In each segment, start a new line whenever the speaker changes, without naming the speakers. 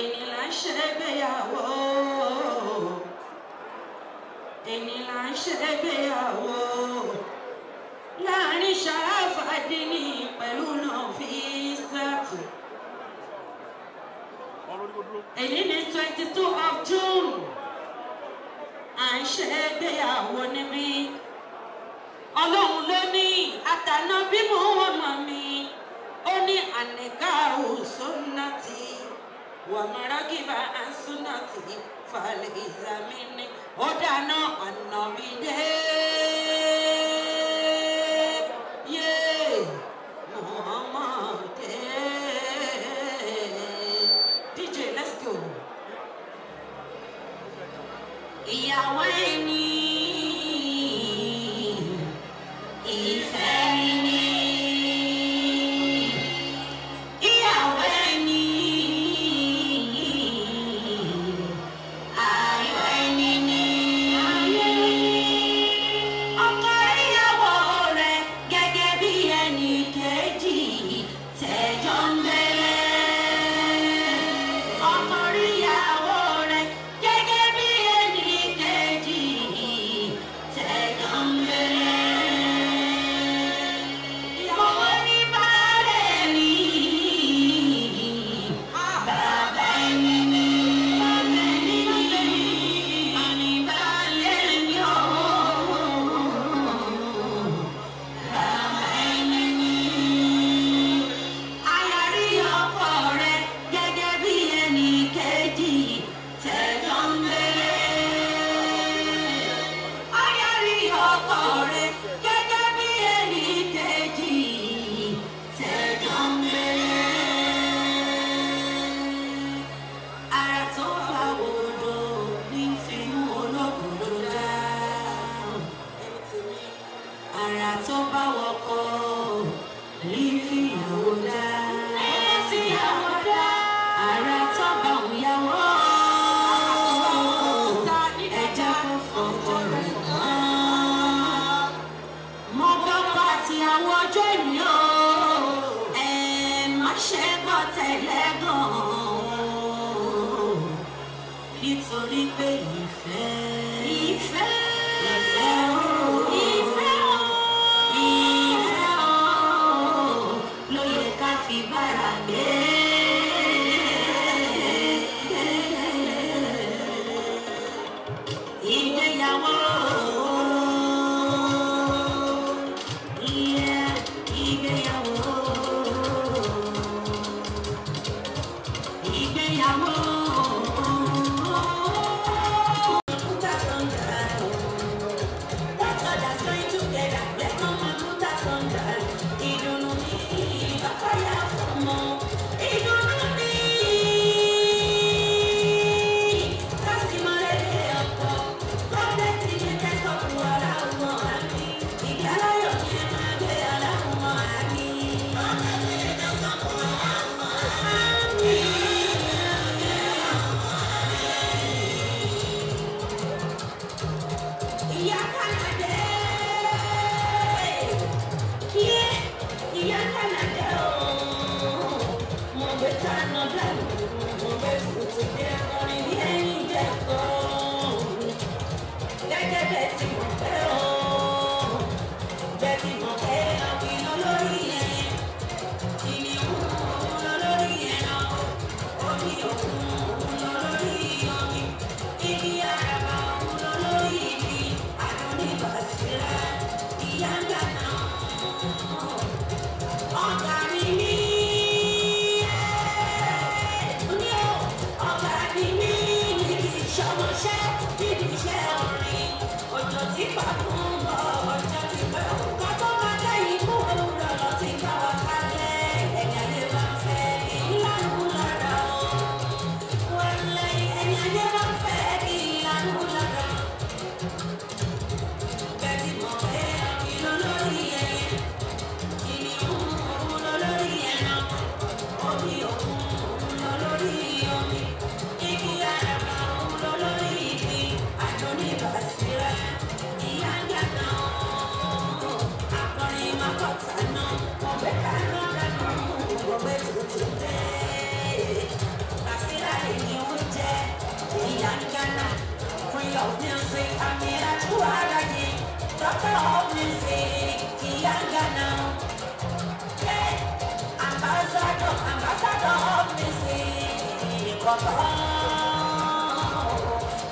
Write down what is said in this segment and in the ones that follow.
èyí là ń ṣègbéyàwó èyí là ń ṣègbéyàwó láàrin Sharaf Adini pẹ̀lú Nafisat èyí ni twenty two of June à ń ṣègbéyàwó níbí ọlọ́run ló ní àtàná bí mo wọ́n mọ̀ mi ó ní àníkàá ò sọ́nà ومن رغب عن سنتي فليس مني هدى النبي amor. Thank you.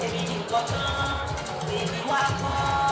Baby, what's up? Baby, what's up?